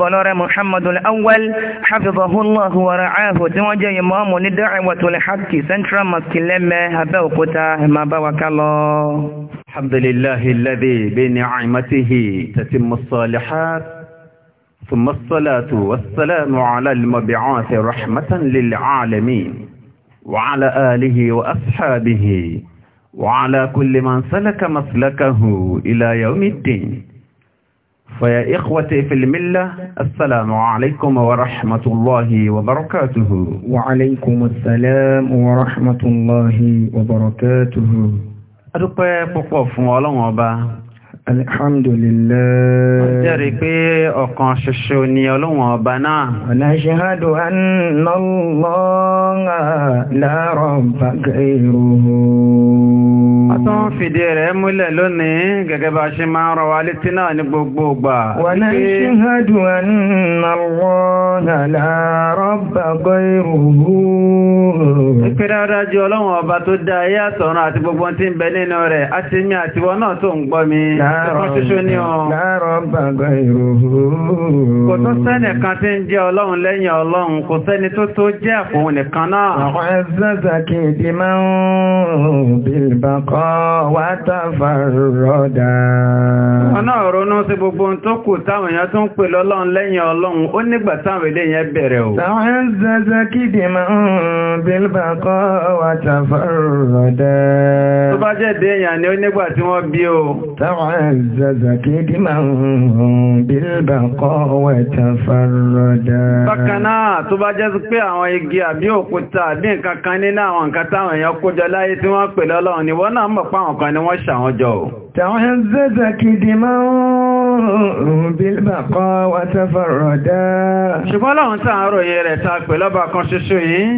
بلاره محمد الأول حفظه الله ورعاه توجه إمام الدعوة الحق سنترا مسكلمة هبوكتا ما بوك الله الحمد لله الذي بنعمته تتم الصالحات ثم الصلاة والسلام على المبعوث رحمة للعالمين وعلى آله وأصحابه وعلى كل من سلك مسلكه إلى يوم الدين فيا إخوتي في الملة السلام عليكم ورحمة الله وبركاته وعليكم السلام ورحمة الله وبركاته أدوك بقوة فمالون وبا Alhamdulillah. Ó jẹ́rìí pé ọ̀kan ṣoṣo ni Ọlọ́run ọba náà. Ọ̀nà ṣehádù annallọ́nà láàrọ̀ bàgẹ̀rù. A tó ń fìdí rẹ̀ múlẹ̀ lónìí gẹ́gẹ́ bá ṣe máa ń rọ wa létí náà ní gbogbo ìgbà. Ọ̀nà ṣehádù annallọ́nà láàrọ̀ bàgẹ̀rù. Ìpínlẹ̀ ọ̀dájú Ọlọ́run ọba tó dá ayé àtọ̀run àti gbogbo tí ń bẹ nínú rẹ̀, àti mi àtiwọ́ náà tó ń gbọ́ mi. Láà láàárọ̀ bàgbà ìròhó. Kò tó sẹ́nì kan tí ń jẹ́ ọlọ́run lẹ́yìn ọlọ́run, kò sẹ́ni tó tó jẹ́ àfòun nìkan náà. Àwọn ẹ̀sẹ̀sẹ̀ kìí máa ń bìbàkọ́ wá tàfàrọ̀dà. Wọ́n náà ronú sí gbogbo ohun tó kù táwọn èèyàn tó ń pè lọ́lọ́run lẹ́yìn ọlọ́run, ó nígbà táwọn ilé yẹn bẹ̀rẹ̀ o. Àwọn ẹ̀sẹ̀sẹ̀ kìí máa ń bìbàkọ́ wá tàfàrọ̀dà. Tó bá تعزز كدما بالبقاء وتفردا bákan náà tó bá jẹ́ pé àwọn igi àbí òkúta àbí nǹkan kan nínú àwọn nǹkan táwọn èèyàn kójọ láyé tí wọ́n pè lọ́lọ́run ni wọ́n náà mọ̀ pé àwọn kan ni wọ́n ṣàwọn jọ ò تعزز كدما بالبقاء وتفردا ṣùgbọ́n lọ́run sáà ròyìn rẹ̀ ta pè lọ́ba kan ṣoṣo yìí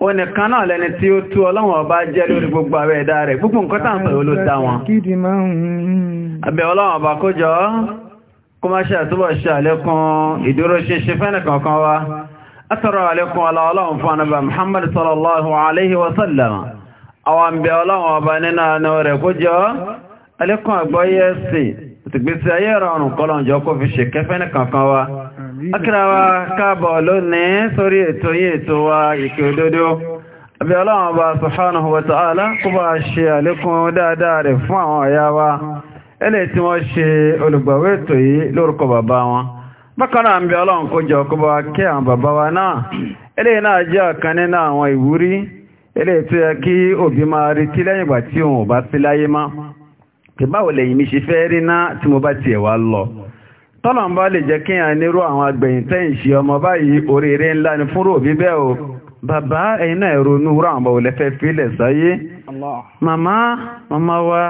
ó nìkan náà lẹni tí ó tú ọlọ́wọ̀n ọba jẹ́ lórí gbogbo àwẹ́ ẹ̀dá rẹ̀ gbogbo nǹkan tàn pẹ̀lú ló dá wọn àbẹ̀ ọlọ́wọ̀n ọba kó jọ kó má ṣe àtúbọ̀ ṣe àlékún ìdúró ṣinṣin fẹ́nì kankan wa atọ́rọ àlékún ọlọ́wọ̀n fún anábà Muhammad sallallahu alaihi wasallam àwọn bẹ̀ akírawa káàbọ̀ lónìí sórí ètò yìí ètò wa ìpè òdodo àbí ọlọ́run ọba subhanahu wa ta'ala kó bá ṣe àlékún dáadáa rẹ̀ fún àwọn ọ̀yá wa ẹlẹ́ tí wọ́n ṣe olùgbàwé ètò yìí lórúkọ bàbá wọn bákan náà ń bí ọlọ́run kó jọ kó bá kí àwọn bàbá wa náà ẹlẹ́ náà jẹ́ ọ̀kan nínú àwọn ìwúrí ẹlẹ́ tó yẹ kí òbí máa retí lẹ́yìn ìgbà tí òun ò bá tọ́lọ̀n bá lè jẹ́ kí à nírú àwọn agbẹ̀yìntẹ́ ìṣe ọmọ báyìí oríire ńlá ni fúrò bí bẹ́ẹ̀ o bàbá ẹ̀yin náà ronú rọ àwọn olẹ́fẹ́ fílẹ̀ sáyé màmá màmá wa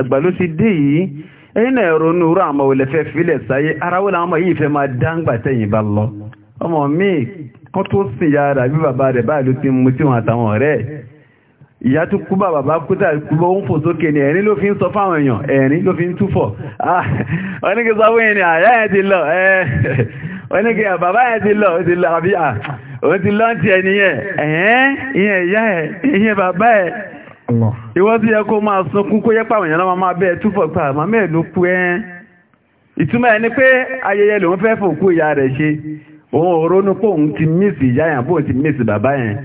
àgbà ló ti dé yìí ẹ̀yin náà ronú rọ àwọn olẹ́fẹ́ fílẹ̀ sáyé aráwó làwọn ọmọ yìí fẹ́ máa dáńgbà tẹ̀yìn bá lọ ọmọ ìyá tó kú bàbá bá kú tàbí kú bọ́ ń fò sókè ní ẹ̀rin ló fi ń sọ fáwọn èèyàn ẹ̀rin ló fi ń túfọ̀ oníkè ah, sọ fún ìrìn àyá ẹ̀ ti lọ oníkè eh, bàbá ẹ̀ ti lọ ó ti lọ àbí à ah, ó ti lọ ti ẹniyẹn ẹ̀hẹ́n ìyẹn ìyá ẹ̀ ìyẹn bàbá ẹ̀ ìwọ́n ti yẹ kó máa sunkún kó yẹ pàwọn èèyàn lọ́wọ́ máa bẹ́ẹ̀ túfọ̀ pa màmá ẹ̀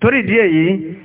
torí díẹ̀ yìí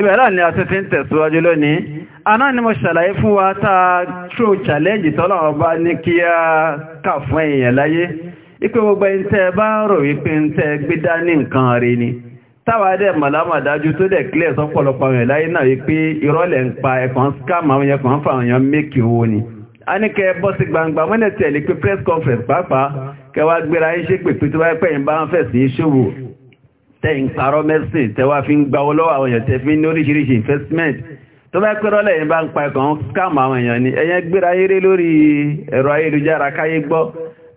ìbẹ̀rẹ̀ ni a ti fi ń tẹ̀síwájú lónìí aná ni mo ṣàlàyé fún wa táa tró challenge tọ́lọ̀ ọba ní kí a kà fún èèyàn láyé ipé gbogbo ẹni tẹ́ bá ń rò wípé ń tẹ́ gbé dání nǹkan rí ni táwa dẹ̀ màlámà dájú tó dẹ̀ clear sọ́pọ̀lọpọ̀ àwọn ìláyé náà wípé pa ẹ̀kan scam àwọn yẹn kan fáwọn èèyàn mékì owó ni press conference pàápàá kẹwàá gbéra iṣẹ́ pèpè tó bá pẹ̀yìn bá ń tẹ́ ń parọ́ mẹ́sìn tẹ́ wá fi ń gba ọlọ́wọ́ àwọn èèyàn tẹ́ fi ní oríṣiríṣi investment tó bá pẹ́rọ́ lẹ́yìn bá ń pa ẹ̀kọ́ ń àwọn èèyàn ni ẹ̀yẹn gbéra eré lórí ẹ̀rọ ayélujára káyé gbọ́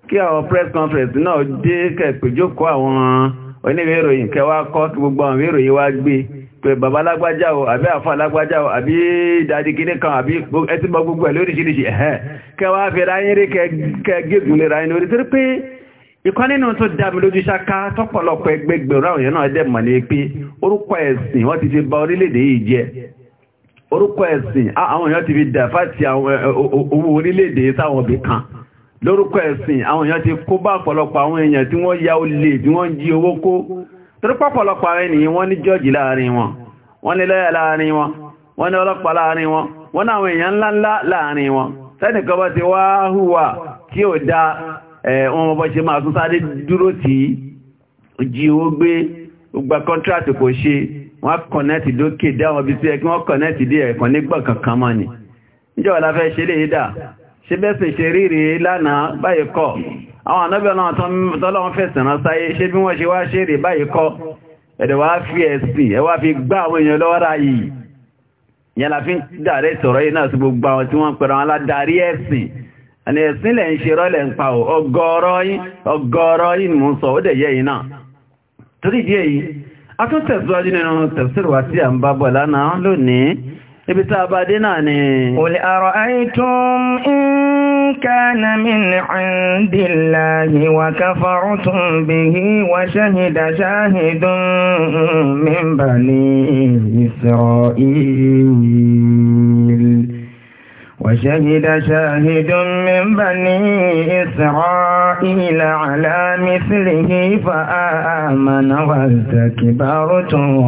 kí àwọn press conference náà dé kẹ̀pẹ̀jókòó àwọn oníwé ìròyìn kẹwàá kọ́ kí gbogbo àwọn ìròyìn wá gbé pé bàbá lágbájá o àbí àfà lágbájá o àbí dàdí kìíní kan àbí ẹtí bọ́ gbogbo ẹ̀ lóríṣiríṣi ẹ̀hẹ́ kẹwàá fẹ́ra yín rí kẹ gégùn lè ra ìkọ́ nínú tó dámi lójú ṣáká tọ́pọ̀lọpọ̀ ẹgbẹgbẹ̀rún àwọn àwòyàn náà dẹ̀ mọ̀ ní pé orúkọ ẹ̀sìn wọ́n ti fi ba orílẹ̀-èdè yìí jẹ́ orúkọ ẹ̀sìn àwọn èèyàn ti fi dàfà ti owó orílẹ̀-èdè sáwọn kan lórúkọ ẹ̀sìn àwọn èèyàn ti kó bá ọ̀pọ̀lọpọ̀ àwọn èèyàn tí wọ́n ya olè tí wọ́n wọn wọ́n ní lọ́yà wọn wọ́n ní ọlọ́pàá wọn wọ́n ní àwọn èèyàn ńláńlá wọn bá ti wọn bọ́ ṣe máa tún sáré dúró tí jí gbé gba kọ́ntrátì kò ṣe wọ́n kọ̀nẹ́tì lókè dáwọn bí sí ẹ wọ́n kọ̀nẹ́tì dé ẹ̀kan nígbà kankan mọ́ ni níjọba ṣe lè dà ṣe bẹ́sẹ̀ ṣe ríre lánàá báyìí kọ́ àwọn ànábẹ́ tọ́lọ́wọ́n fẹ̀sẹ̀ àni ẹ̀sìnlẹ̀ ń ṣe rọ́lẹ̀ ń pa ọ̀ ọgọ́rọ̀ yìí mú sọ ó dẹ̀ yẹ yìí náà torí díẹ̀ yìí a tún tẹ̀síwájú nínú tẹ̀síwájú wá tí a ń bá bọ̀ lánàá lónìí ibi tá a bá dé náà ni qul ara'aytum in kana وشهد شاهد من بني إسرائيل على مثله فآمن وارتكبرتم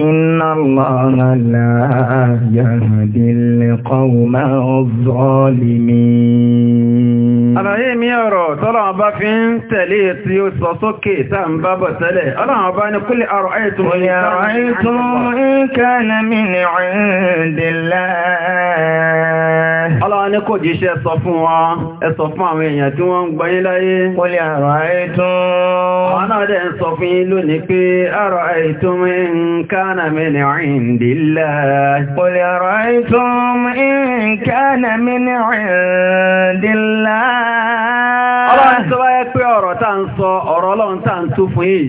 إن الله لا يهدي القوم الظالمين Àlàyé mi ọ̀rọ̀ tọ́lọ̀ ọba fi ń tẹ̀lé tí ó sọ sókè tàà ń bá bọ̀ tẹ́lẹ̀. Ọlọ́run ọba ni kúlẹ̀ àrọ̀ ẹ̀tùn ní àrọ̀ ẹ̀tùn ìkànnà mi ní ń gbọ́yìn náà dẹ̀ sọ fún yín lónìí pé àrọ̀ àìtùm ìǹkánà mẹ́nà ìndìlá. Qul ara'aytum in kana min indillah. Ọlọ́run tó bá yẹ pé ọ̀rọ̀ tá ń sọ ọ̀rọ̀ ọlọ́run tá ń tú fún yìí.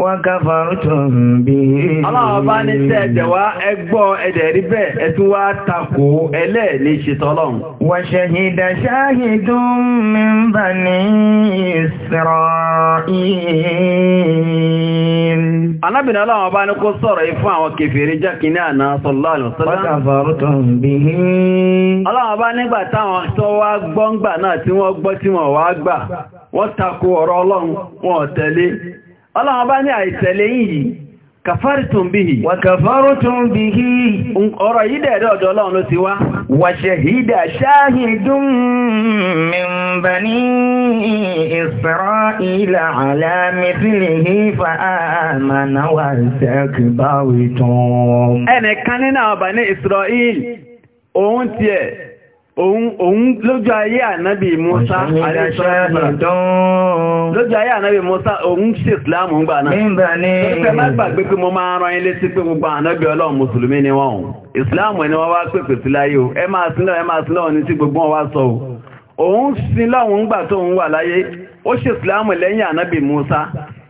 Wọ́n káfàrún tó ń bí i. Ọlọ́run bá ní tẹ́ ẹ̀dẹ̀ wá ẹgbọ́ ẹ̀dẹ̀ rí bẹ́ẹ̀ ẹ̀tún wá takò ẹlẹ́ lè ṣe tọ́lọ́run. Wa shahida shahidun min bani Isra'il. Anábìnà ọlọ́run bá ní kó sọ̀rọ̀ ifú àwọn kèfèrí jákiní àná sallallahu alaihi wasallam. Wọ́n káfàrún tó ń bí i. Ọlọ́run bá nígbà táwọn tó wá gbọ́ngbà ọlọ́run bá ní àìtẹ̀lé yìí kàfàrìtùn bí wà kàfàrìtùn bí ọ̀rọ̀ yìí dẹ̀ẹ̀dẹ̀ ọ̀dọ̀ ọlọ́run ló ti wá wà ṣẹ̀hídà ṣáhìdùn min bani Isra'ila ala mithlihi ẹnìkan nínú òun lójú ayé ànábì Musa lójú ayé ànábì Musa òun ṣe ìsìláàmù ń gbà náà pẹ́ má gbàgbé pé mo máa rán ilé sí pé gbogbo ànábì ọlọ́run mùsùlùmí ni wọ́n ìsìláàmù ni wọ́n wá pèpè sí láyé o ẹ máa sílọ́ ẹ máa sílọ́ ní tí gbogbo wọn wá sọ o òun sílọ́ òun gbà tó òun wà láyé ó ṣe ìsìláàmù lẹ́yìn ànábì Musa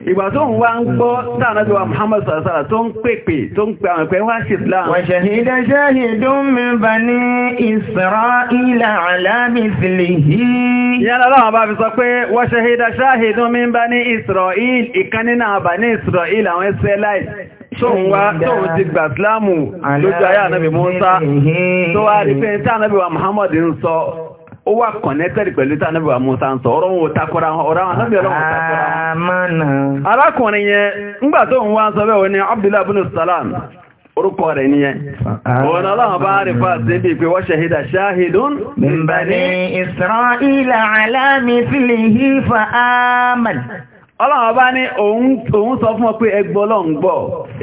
ìgbà tó ń wá ń gbọ́ tánàtíwà Muhammad sàrásàrà tó ń pèpè tó ń pè àwọn ìpẹ́ wá sí Islam wa shahida bani Isra'ila ala mithlihi bá fi sọ pé wa shahida shahidun min bani Isra'il ìkan nínú àbàní Isra'il àwọn Israelite tóun wá tóun ti gbà Islamu lójú ayé ànábì Musa tó wá rí pé tánàbíwà Muhammad ń sọ ó wà connected pẹ̀lú tí anábìwà musa ń sọ ọ̀rọ̀ wọn ò takora yẹn ńgbà tó wá ń sọ bẹ́ẹ̀ ní abdullahi ibn salam orúkọ rẹ̀ nìyẹn. Òun aláwọ̀ bá rí fà sí bí pé wọ́n ọlọ́run bá ní òun sọ fún ọ pé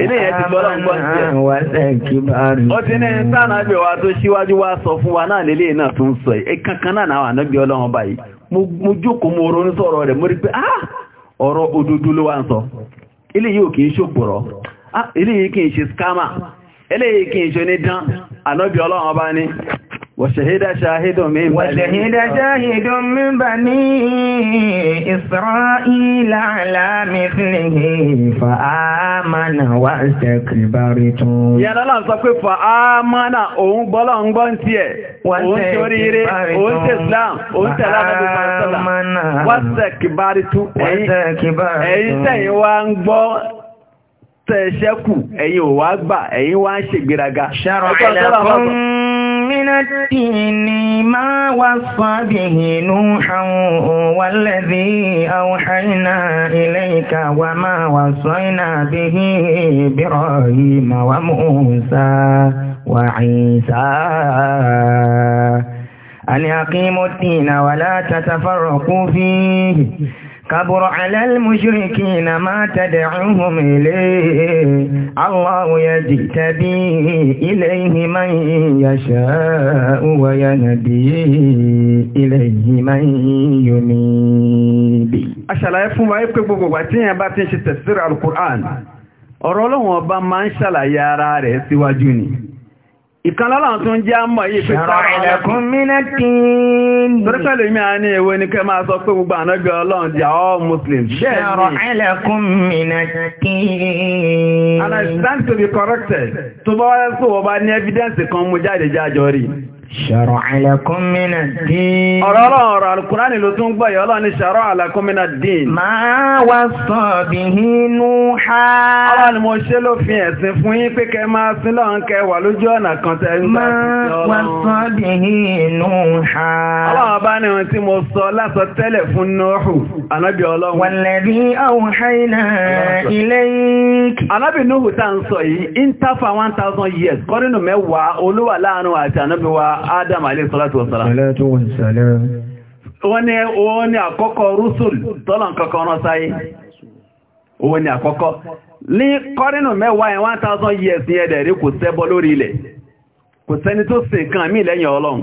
ilé yẹn ti gbọ́ lọ́ngbọ́ jẹ́ ah, ó ti ní sáànà wa tó síwájú wá sọ fún wa náà lélẹ̀ náà tún sọ ẹ̀ kankan náà náà ànábí báyìí mo jókòó mo ronú rẹ̀ mo rí pé ah, وشهد شاهد من وشهد شاهد من بني إسرائيل على مثله فآمن واستكبرتم يا لا لا سكو فآمن اون بولا اون غون تي اون توريري اون اسلام اون تلا نبي صلى الله عليه وسلم واستكبرتم واستكبرتم اي سي وان غبو tẹ́ ṣẹ́kù ẹ̀yin ò wá gbà ẹ̀yin wá ń ṣègbéraga ṣàrọ̀ àìlẹ́kùn الدين ما وصى به نوحا والذي أوحينا إليك وما وصينا به إبراهيم وموسى وعيسى أن يقيموا الدين ولا تتفرقوا فيه كبر على المشركين ما تدعوهم إليه الله يجتبي إليه من يشاء ويهدي إليه من ينيب Aṣàlàyé fún wa pé gbogbo ìgbà tí èèyàn bá ti ń ṣe tẹ̀síra Al-Qur'an, ọ̀rọ̀ Ọlọ́run ọba máa ń ṣàlàyé ara rẹ̀ síwájú ni ìkànlọ́lá tún jẹ́ àmọ̀ yìí pé gbogbo i stand to be corrected tó bá wáyé sówọ́ bá ní evidence kan mú Ṣàrọ̀ àlàkúnmínà dín. Ọ̀rọ̀ ọ̀rọ̀ alùkùránì ló tún gbọ́ yọ́ lọ́ni ṣàrọ̀ àlàkúnmínà dín. Máa wá sọ bí inú ha. Ọlá ni mo ṣe ló fi ẹ̀sìn fún yín pé kẹ máa sí lọ́n kẹ wà lójú ọ̀nà kan tẹ́ ń gbà sí ọlọ́run. Máa wá sọ bí inú ha. Ọlọ́run bá ní ohun tí mo sọ lásọ tẹ́lẹ̀ fún Nóòhù, ànábì ọlọ́run. Wàlẹ̀bí wa Adam alayhi salatu wassalam wọ́n ni wọ́n ni àkọ́kọ́ rúsùl tọ́lọ̀n kọ́kọ́ rán sáyé wọ́n ni àkọ́kọ́ ní kọ́rínù mẹ́wàá yẹn 1000 years ní ẹ̀dẹ̀ rí kò sẹ́bọ lórí ilẹ̀ kò sẹ́ni tó sì kan mí lẹ́yìn ọlọ́run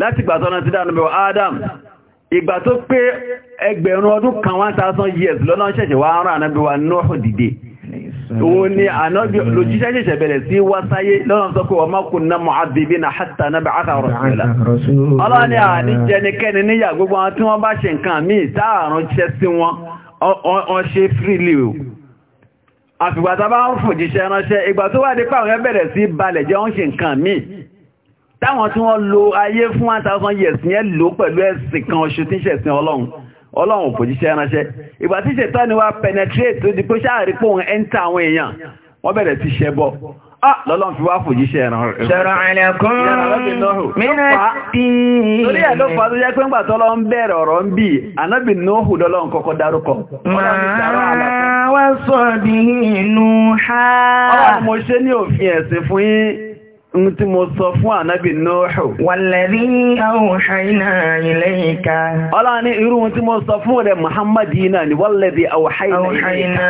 láti ìgbà tọ́nà ti dánú Adam ìgbà tó pé ẹgbẹ̀rún ọdún kan 1000 years lọ́nà ṣẹ̀ṣẹ̀ wá rán ànábíwa Nuhu dìde òun ni ànábì lòjíṣẹ́ ṣẹ̀ṣẹ̀ bẹ̀rẹ̀ sí wá sáyé lọ́nà tó kó wa ma kunna mu'adhibina hatta nab'atha rasula ọlọ́run ni àní jẹnikẹ́ni níyà gbogbo àwọn tí wọ́n bá ṣe nǹkan míì táàrùn ṣẹ́ sí wọn ọ ṣe frílì o àfìgbà tá bá ń fòjíṣẹ́ ránṣẹ́ ìgbà tó wà dé pàwọn bẹ̀rẹ̀ sí balẹ̀ jẹ́ wọ́n ṣe nǹkan míì táwọn tí wọ́n lo ayé fún 1000 years yẹn lò pẹ̀lú ẹ̀sìn kan ṣe tíṣẹ̀sìn ọlọ́run ọlọ́run òpòjíṣẹ́ ránṣẹ́ ìgbà tí ṣètánì wá penetrate tó di pé ṣáàrí pòun ẹ́ńtà àwọn èèyàn wọ́n bẹ̀rẹ̀ ti ṣẹbọ lọ́lọ́n fi wá fòjíṣẹ́ ẹ̀ràn rẹ̀. ṣẹ̀rọ̀ àlẹ́kùn mínú tí. torí ẹ̀ ló fà tó jẹ́ pé ń gbà tọ́lọ́ ń bẹ̀rẹ̀ ọ̀rọ̀ ń bí anábì nóhù lọ́lọ́n kọ́kọ́ dárúkọ. máa wá sọ bí mo ṣe ní òfin ẹ̀sìn fún yín tí mo sọ fún ànábì Nóòhù. Wàlẹ̀rí àwòṣàínà ilẹ̀ ìka. Ọlá ní irú tí mo sọ fún rẹ̀ Muhammadu náà ni wàlẹ̀rí àwòṣàínà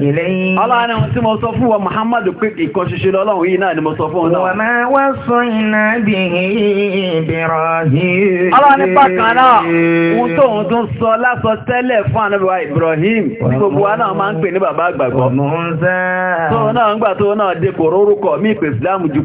ilẹ̀ ìka. Ọlá ní tí mo sọ fún wa Muhammadu pé ìkan ṣoṣo lọ́lọ́run yìí náà ni mo sọ fún náà. Wa ma waṣṣaynā bihi Ibrahim. Ọlá ní bákan náà, ohun tó ń tún sọ lásọ tẹ́lẹ̀ fún ànábì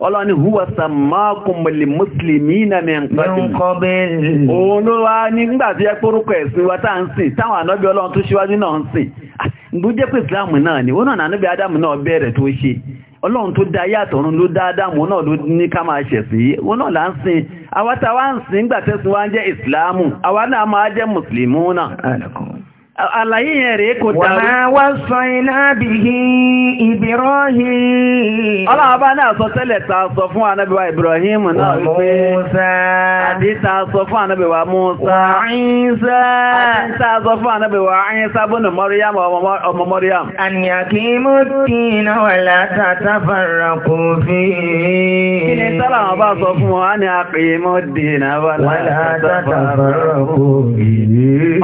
ni huwa sàmákùnmọ̀lì mùsùlùmí na mẹ́kọ́bẹ̀ òun ló wá nígbàtí ẹ pórúkọ ẹ̀sìn wa táà ń sìn táwọn ànábí ọlọ́run tó ṣíwájú náà ń sìn gbójẹ́ ah, pé ìsìláàmù na ni wọ́n na ànábí adámù na bẹ̀rẹ̀ tó ṣe ọlọ́run tó dá yàtọ̀run ló dá adámù náà ló ní ká máa ṣẹ̀ sí wọ́n náà là ń sìn àwa táwa ń sìn wa ń jẹ́ ìsìláàmù àwa náà máa jẹ́ Àlàyé yẹn rèé kò dáa. Wà wá sọ iná bí i Ibrahim. Ọlọ́ọ̀bá náà sọ tẹ́lẹ̀ ta sọ fún anábíwá Ibrahim náà wípé. Mùsá. Àdí ta sọ fún anábíwá Mùsá. Àìsá. Àdí ta sọ fún anábíwá Àìsá bọ́nà Mọ́ríyàm ọmọ Mọ́ríyàm. Àníyàkí mú tí iná wà látàtà fara kò fi. Kí ni sọ́lá wọn bá sọ fún wọn? A ní àpè mú tí iná wà látàtà fara kò fi.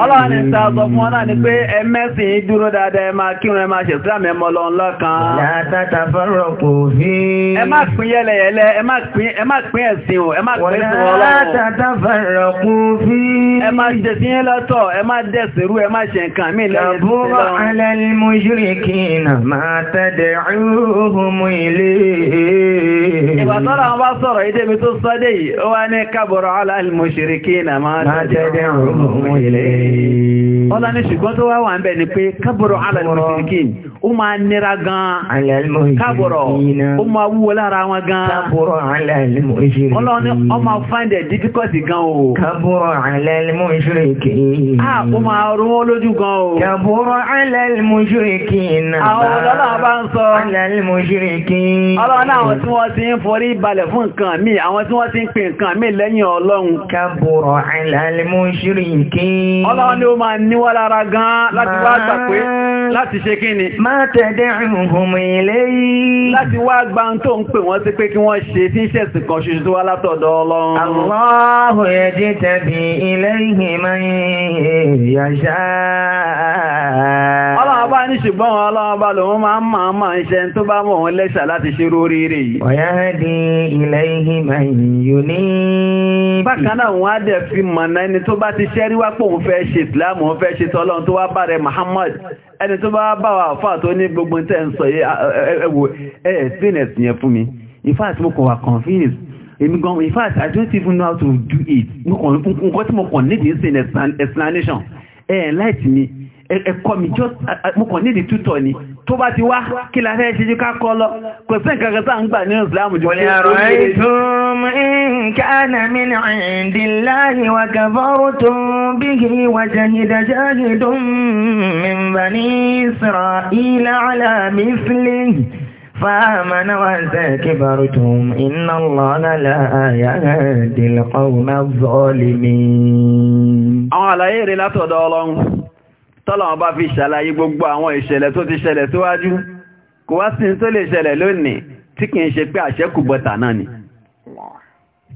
Ọlọ́run ni ta sọ fún ọ náà náà ni pé hmm. ẹmẹ́sìn dúró dáadáa ẹ máa kírun ẹ máa ṣe Islam ẹmọ lọ lọ́kan. látàtà fọ́rọ̀ kò fi. ẹ má pín yẹlẹyẹlẹ ẹ má pín ẹ̀sìn o ẹ má pín ẹ̀sìn ọlọ́run. látàtà fọ́rọ̀ kò fi. ẹ má ṣe sí yín lọ́tọ̀ ẹ má dẹ̀sìrú ẹ má ṣe nǹkan mí lẹ́yìn sí lọ. àbúrò alẹ́ mushrikina máa tọ́lá wọn bá sọ̀rọ̀ ìdè tó sọ́dé ṣùgbọ́n tó wá wà ń bẹ̀ ni pé kábọ̀rọ̀ alàlùmọ̀síkìn ó máa nira gan kábọ̀rọ̀ ó máa wúwo lára wọn gan-an kábọ̀rọ̀ alàlùmọ̀síkìn ọlọ́ni ó máa find it difficult gan o kábọ̀rọ̀ alàlùmọ̀síkìn ó máa rún wọn lójú gan o kábọ̀rọ̀ alàlùmọ̀síkìn àwọn ọlọ́lá bá ń sọ alàlùmọ̀síkìn ọlọ́ni àwọn ó máa níwọ́ lára gan láti wá gbà pé láti ṣe kí ni. má tẹ̀dẹ̀ ìhùnmù ilé yìí. láti wá gba tó ń pè wọ́n sí pé kí wọ́n ṣe tí ń ṣẹ̀sì kan ṣoṣo tó wá látọ̀dọ̀ ọlọ́run. Allahu yajtabi ilayhi man yasha. ọlọ́run bá ní ṣùgbọ́n ọlọ́run bá lòun máa ń máa máa ń ṣe tó bá mọ̀ wa yahdi ilayhi man yunib. bákan náà ọlọ́run tó wá bá rẹ̀ Muhammad ẹni tó bá bá wà fà tó ní gbogbo tẹ́ ń sọ ẹwò ẹ̀ẹ́sìnẹ̀s yẹn fún mi in fact mo kọ̀ wà confused gan in I don't even know how to do it nǹkan tí mo kàn nídìí sí explanation ẹ̀ẹ́ láìtì mi ẹ̀kọ́ mi jọ mo kàn nídìí tútọ̀ ni tó bá ti wá kí la fẹ́ ṣe jù ká kọ́ lọ kò sí nǹkan kan sáà ń gbà nínú ìsìláàmù jù. ọ̀lẹ́ ọ̀rọ̀ ìtum nǹkan àmì ìdíláyè wà kàfọ́rù tó bí kì í wà jahida jahidun min bani isra'ila ala mislihi fàmànà wà zakibartum inna Allaha la yahdi al-qawma az-zalimin. àwọn àlàyé rẹ̀ látọ̀dọ̀ ọlọ́run tọ́lọ̀wọ́n bá fi ṣàlàyé gbogbo àwọn ìṣẹ̀lẹ̀ tó ti ṣẹlẹ̀ síwájú kò wá sí tó lè ṣẹlẹ̀ lónìí tí kìí ṣe pé àṣẹ́kù bọ́ta náà ni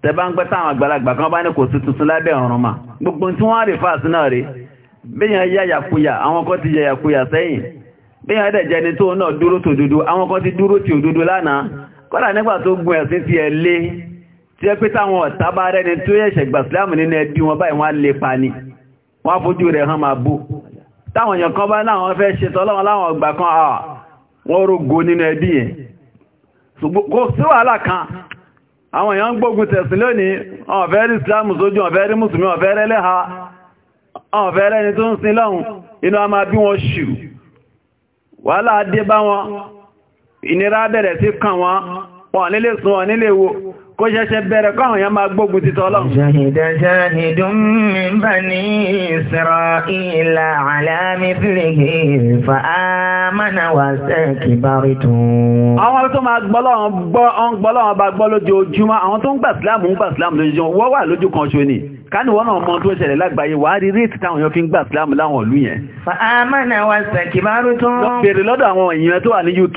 tẹbá ń gbẹ́ta àwọn àgbàlagbà kan bá ní kò sí tuntun lábẹ́ ọ̀run mà gbogbo tí wọ́n rí fàásí náà rí bíyàn yá yàkuyà àwọn kan ti yẹ yàkuyà sẹ́yìn bíyàn dẹ̀ jẹni tó náà dúró tó dúdú àwọn kan ti dúró tí òdúdú lánàá kọ́là nígbà tó gun ẹ̀sìn ti ẹ̀ lé tí ẹ pé táwọn ọ̀tá bá rẹni tó yẹ̀ṣẹ̀ gbàsílámù nínú ẹbí wọn báyìí wọ́n á lè pa ni wọ́n á fojú rẹ̀ hàn máa bú táwọn èèyàn kan bá láwọn fẹ́ ṣe tọ́lọ́wọ́n láwọn ọgbà kan à wọ́n rógo nínú ẹbí ẹ̀ kò sí wàhálà kan àwọn èèyàn gbógun tẹ̀sìn lónìí wọ́n fẹ́ rí islam sójú wọ́n fẹ́ rí mùsùlùmí wọ́n fẹ́ rẹ́ lẹ́ha wọ́n fẹ́ rẹ́ni tó ń sin lọ́hun inú a máa bí wọn ṣù wàhálà dé bá wọn ìnira bẹ̀rẹ̀ sí kàn wọn wọn nílé sùn wọn nílé wo kó ṣẹ̀ṣẹ̀ bẹ̀rẹ̀ káwọn yẹn máa gbógun títọ́ ọlọ́run. ṣahida shahidun bani isra'ila ala mithlihi fa amana wa stakbartu. àwọn tó máa gbọ́lọ́run gbọ́ ọ́n gbọ́lọ́run bá gbọ́ lójoojúmọ́ àwọn tó ń gbà síláàmù ń gbà síláàmù lójoojúmọ́ wọ́n wà lójú kan ṣo ni káni wọ́n náà mọ tó ṣẹlẹ̀ lágbàáyé wà á rí réètì táwọn èèyàn fi ń gbà síláàmù láwọn ìlú yẹn. fa amana wa stakbartu. lọ bèrè lọ́dọ̀ àwọn èèyàn tó wà ní UK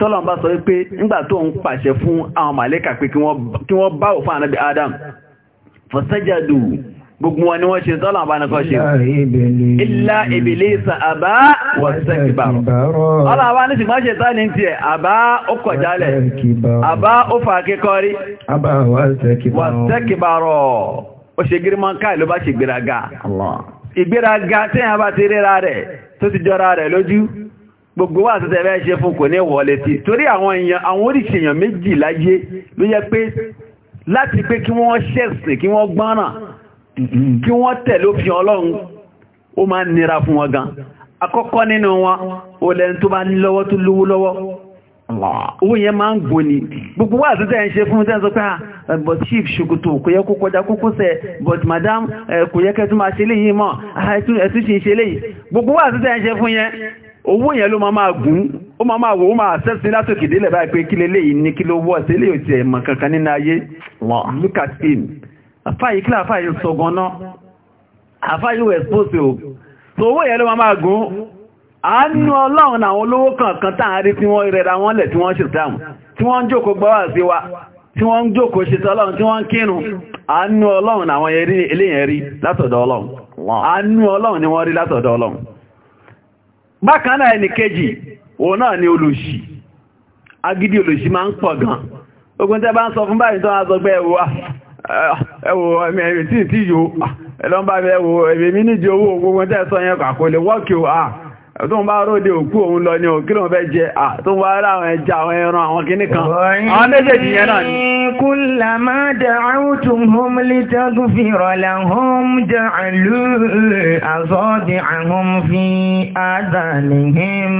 tọ́lọ̀n bá sọ wípé ńgbà tó ń pàṣẹ fún àwọn màlẹ́kà pé kí wọ́n bá òfin ànábì Adam fọ́sẹ́jàdù gbogbo wọn ni wọ́n ṣe tọ́lọ̀n bá nìkan ṣe illa Iblisa àbá wọ́sẹ́kìbàrọ̀ ó ṣe gírímọ̀ káà ló bá ṣe ìgbéraga ìgbéraga tí a bá ti ríra rẹ̀ tó ti jọra rẹ̀ lójú gbogbo wà tẹ́tẹ́ bẹ́ẹ̀ ṣe fún kò ní wọlé tí torí àwọn èèyàn àwọn oríṣi èèyàn méjì láyé ló yẹ pé láti pé kí wọ́n ṣẹ̀sìn kí wọ́n gbọ́nà kí wọ́n tẹ̀lé òfin ọlọ́run ó máa nira fún wọn gan àkọ́kọ́ nínú wọn ó lẹ́ni tó bá ní lọ́wọ́ tó lówó lọ́wọ́ owó yẹn máa ń gbò ní gbogbo wà tó tẹ́ ń ṣe fún tẹ́sọ pé ah, but chief ṣòkòtò kò yẹ kó kọjá kókósẹ̀ but madam eh, kò yẹ kẹ́ tún máa ṣe léyìn mọ́ ah, ẹ̀tún ṣe ṣe léyìn gbogbo wà tó tẹ́ ń ṣe fún yẹn owó yẹn ló ma máa gùn ó ma máa wò ó máa sẹ́sí látòkè délẹ̀ báyìí pé kí lélẹ̀ ní kí kankan nínú ayé look at him àfáyí sọ ganá wẹ̀ o so owó yẹn ló ma máa gùn àánú ọlọ́run àwọn olówó kankan táàrí tí wọ́n wọ́n lẹ̀ tí wọ́n ṣe dáhùn tí wọ́n jókòó tí wọ́n ń jókòó ṣe tọ́lọ́run tí wọ́n ń kírun àánú ọlọ́run àwọn rí látọ̀dọ̀ ọlọ́run àánú ọlọ́run bákan náà ẹni kejì òun náà ni olùsì ma olùsì máa ń pọ̀ gan ogun tẹ́ bá ń sọ fún báyìí tó wá sọ pé ẹwọ ah, ẹwọ tí yóò ah, ẹlọ́mbà ẹwọ ẹ̀mí owó ogun tẹ́ sọ yẹn kàkó lè tó ń bá róde òkú òun lọ ní òkú lóun fẹ́ jẹ tó ń wá rá àwọn ẹja àwọn ẹran àwọn kìíní kan àwọn méjèèjì yẹn náà ni. kullama da'awtuhum litaghfira lahum ja'alu asabi'ahum fi adhanihim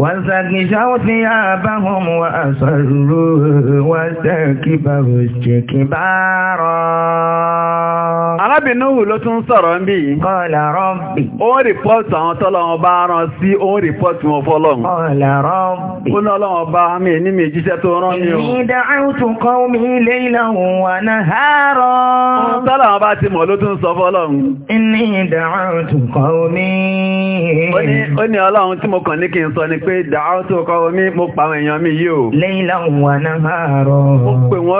واستغشوا ثيابهم وأصروا واستكبروا استكبارا Ànábì Nuhu ló tún sọ̀rọ̀ ń bí. Qala rabbi. Ó ń rìpọ́tù àwọn tọ́lọ́wọ́ bá rán sí, ó ń rìpọ́tù wọn fọ́lọ́run. Qala rabbi. Ó lọ́lọ́wọ́ bá mi ní mi jíṣẹ́ tó rán mi o. Inni da'awtu qawmi laylan wa nahara. Tọ́lọ́wọ́ bá ti mọ̀ ló tún sọ fọ́lọ́run. Inni da'awtu mo kàn ní mo pa àwọn Mo pè mo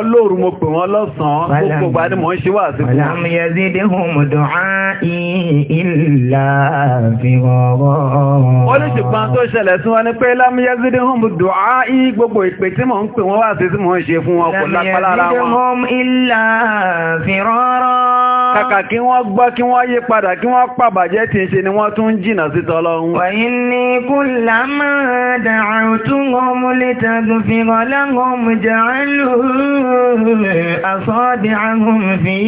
pè wọ́n lọ́sàn-án, zidhum du'a'i illa firara. ó ní ṣùgbọ́n tó ṣẹlẹ̀ tí wọ́n ní pé lam yazidhum du'a'i gbogbo ìpè tí mò ń pè wọ́n wá sí tí mò ń ṣe fún wọn kò kàkà kí wọ́n gbọ́ kí wọ́n yí padà kí wọ́n pàbàjẹ́ tí ṣe ni wọ́n tún jìnà sí tọ́lọ́run. wa inni kullama da'awtuhum litaghfira lahum ja'alu asabi'ahum fi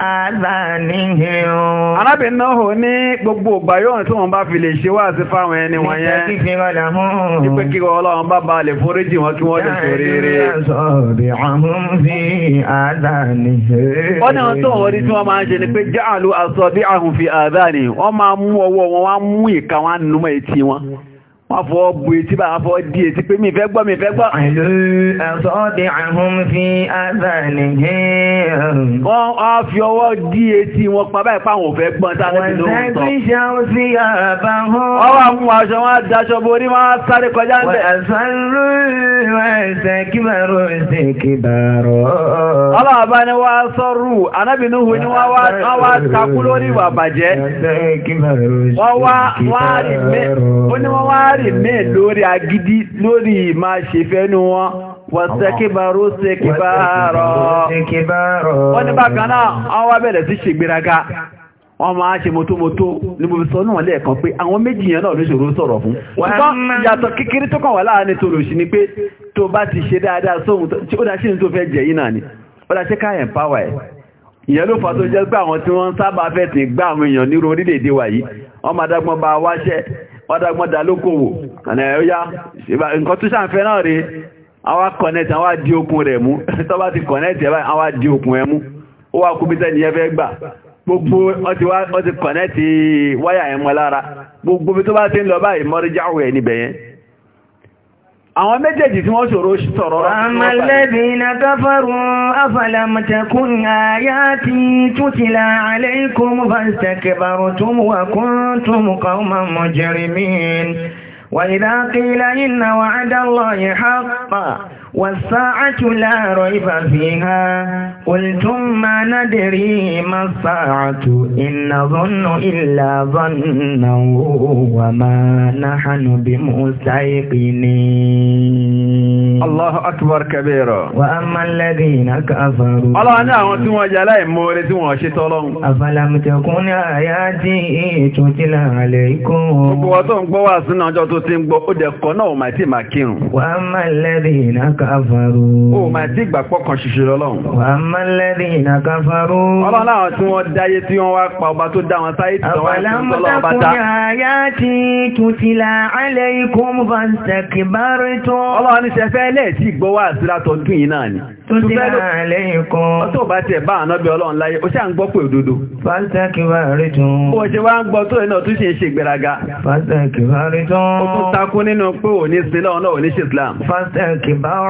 àbá لسانهم arábìnrin náà hò ní gbogbo ìgbà yóò tí wọ́n bá fi lè ṣe wá àti fáwọn ẹni wọ́n yẹn nípe kí ọlọ́run bá bá lè foríjì wọn kí wọ́n lè sórí rí wọ́n náà tó wọ́n rí tí wọ́n máa ń ṣe ni pé wọ́n fọ́ bu etí bá fọ́ di etí pé mi fẹ́ gbọ́ mi fẹ́ gbọ́. àlọ́ àsọ́dẹ̀ àhún fi àzàní hẹ́. wọ́n á fi ọwọ́ di etí wọn pa báyìí pa àwọn òfẹ́ gbọ́n tá lẹ́bi wọ́n wá rí lórí mẹ́ lórí agídí lórí máa ṣe fẹ́nu wọn wọ́sẹ́kíbarú sẹ́kíbárọ̀ wọ́n ní bákan náà wọ́n wá bẹ̀rẹ̀ sí ṣègbéraga wọ́n máa ṣe mọ́tómọ́tó ní mo fi sọ níwọ̀n lẹ́ẹ̀kan pé àwọn méjì yẹn náà ló ṣòro sọ̀rọ̀ fún ṣùgbọ́n yàtọ̀ kékeré tó kàn wà láàárín tó lòṣì ni pé tó bá ti ṣe dáadáa sóhun tí ó dáṣí ní tó fẹ́ jẹ yìí náà ni ó dáṣẹ́ ká ẹ̀mpáwà ẹ̀ ìyẹn ló fà tó jẹ́ pé àwọn tí wọ́n sábà fẹ́ tì gbá àwọn èèyàn nírú orílẹ̀-èdè wa yìí wọ́n máa dágbọ́n bá wáṣẹ́ ọdágbọ́dá lókòwò ọ̀nà nǹkan tó ṣàǹfẹ́ náà rí àwọn kọ̀nẹ̀tì àwọn àdí okùn rẹ̀ mú tó bá ti kọ̀nẹ̀tì àwọn àdí okùn ẹ̀ mú ó wà kú bítẹ́ ní ẹfẹ́ gbà gbogbo ọti kọ̀nẹ̀tì wáyà ẹ̀mọ́ lára gbogbo bí tó bá ti ń lọ báyìí mọ́rí jáwẹ̀ níbẹ̀yẹn àwọn méjèèjì tí wọ́n ṣòro sọ̀rọ̀ rọ̀. Àmàlẹ́bìnà káfàrù afàlàmàtàkùn àyá ti tútìlà aláìkùn fàstàkẹbàrù tó mú wà kún tó mú kàúmà والساعة لا ريب فيها قلتم ما ندري ما الساعة إن نظن إلا ظنا وما نحن بمستيقنين الله أكبر كبير وأما الذين كفروا الله أنا وانتم وجلاء مورد وشتولون أفلم تكن آياتي تتلى عليكم وأما الذين káfàrú. ó máa dí ìgbàpọ̀ kan ṣoṣo lọ́lọ́run. wà á máa lẹ́rí iná káfàrú. ọlọ́run náà tí wọ́n dáyé tí wọ́n wá pa ọba tó dá wọn sáyé tí wọ́n wá sí ọlọ́run bá dá. àwàlámútakùn àyà ti tutila alẹ́ ikú fàṣẹkìbárí tó. ọlọ́run ní sẹ́fẹ́ lẹ́ẹ̀ tí gbọ́ wá sí látọ̀dún yìí náà ni. tutila alẹ́ ikú. ọtọ́ bá tẹ̀ bá àná bí ọlọ́run láyé ó ṣáà ń gbọ́ pé òdodo. fàṣẹkìbárí tó. ó ṣe wá ń gbọ́ tó iná tó ṣe ń ṣe ìgbéraga. fàṣẹkìbárí tó. ó tún takú nínú pé òní sílẹ̀ ọ̀nà òní ṣe Islam. fàṣẹkìbárí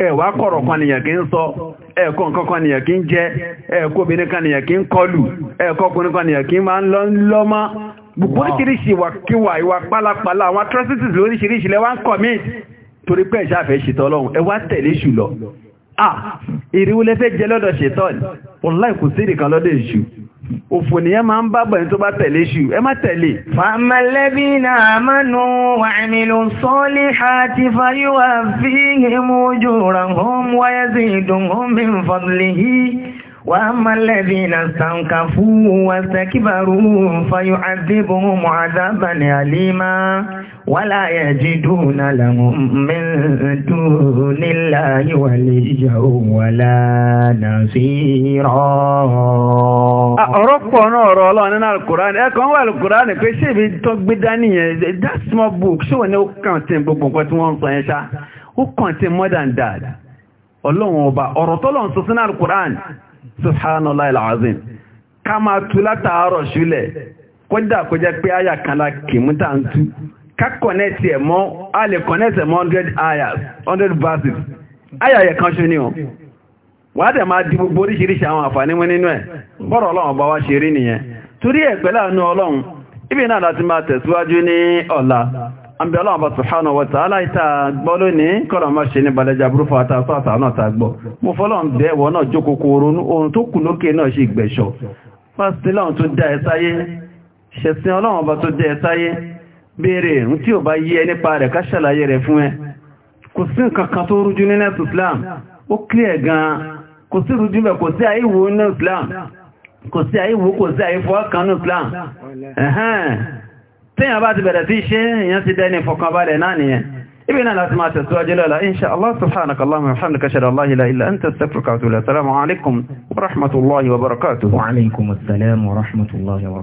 ẹ̀wà kọ̀rọ̀ kanìyàn kí ń sọ ẹ̀kọ́ nǹkan kanìyàn kí ń jẹ ẹ̀kọ́ obìnrin kanìyàn kí ń kọlù ẹ̀kọ́ ọkùnrin kanìyàn kí máa ń lọ lọ́mọ́ gbogbo oríṣiríṣi ìwàkíwà ìwà pálapàla àwọn atrocities lóríṣiríṣi lẹ́wà ń commit torí pé ìṣàfẹ́ ṣètọ́ ọlọ́run ẹwà tẹ̀lé ṣù lọ ah ìrìwúlẹ́fẹ́ jẹ lọ́dọ̀ ṣètọ́ ọ̀láìkù sí ìrìkan lọ́dọ̀ èṣù òfò nìyẹn máa ń bá bẹ̀rẹ̀ tó bá tẹ̀lé ṣù ẹ má tẹ̀lé. fàmàlẹ́bí náà mánú wà nílò sọ́ọ́lì àti fàyíwá fi hìmú ojú ràhùn wáyé sí ìdùnnú mi fọ́dúlé náà wala yajiduna lahum min dunillahi waliyyan wala nasira. ọ̀rọ̀ pọ̀ náà ọ̀rọ̀ ọlọ́run nínú alukurani ẹ̀kan wà alukurani pé ṣé ibi tó gbé dání yẹn that book ṣé wọ́n ní ó kàn tí gbogbo more than that ọlọ́run ọba ọ̀rọ̀ tọ́lọ́run sọ sínú alukurani subhanallah alazim ká máa tu látàárọ̀ ṣúlẹ̀ kódà kó jẹ́ pé àyà ká connect ẹ̀ mọ́ a lè connect ẹ̀ mọ́ 100 ayas 100 verses ayayẹ kan ṣe ní o dẹ̀ máa di gbogbo oríṣiríṣi àwọn àǹfààní wọn nínú ẹ̀ bọ́rọ̀ ọlọ́run bá wá ṣe rí nìyẹn torí ẹ̀ pẹ̀lú àánú ọlọ́run ibi náà láti máa tẹ̀síwájú ní ọ̀la àbí ọlọ́run bá subhanahu wa ta'ala béèrè ìrún tí ò bá yí ẹ nípa rẹ̀ ká ṣàlàyé rẹ̀ fún ẹ kò sí nǹkankan tó rújú nínú Islam ó clear gan-an kò sí rújú bẹ̀ kò sí àìwò nínú Islam kò sí àìwò kò sí àìfọ́ kan nínú Islam tíyàn bá ti bẹ̀rẹ̀ sí ṣe èyàn ti dẹni fọkànbalẹ̀ náà nìyẹn ibi náà láti máa tẹ̀síwájú lọ́la inṣà Allah subhanaka Allahumma wa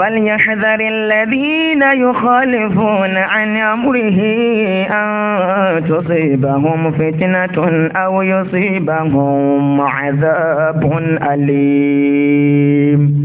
فليحذر الذين يخالفون عن أمره أن تصيبهم فتنة أو يصيبهم عذاب أليم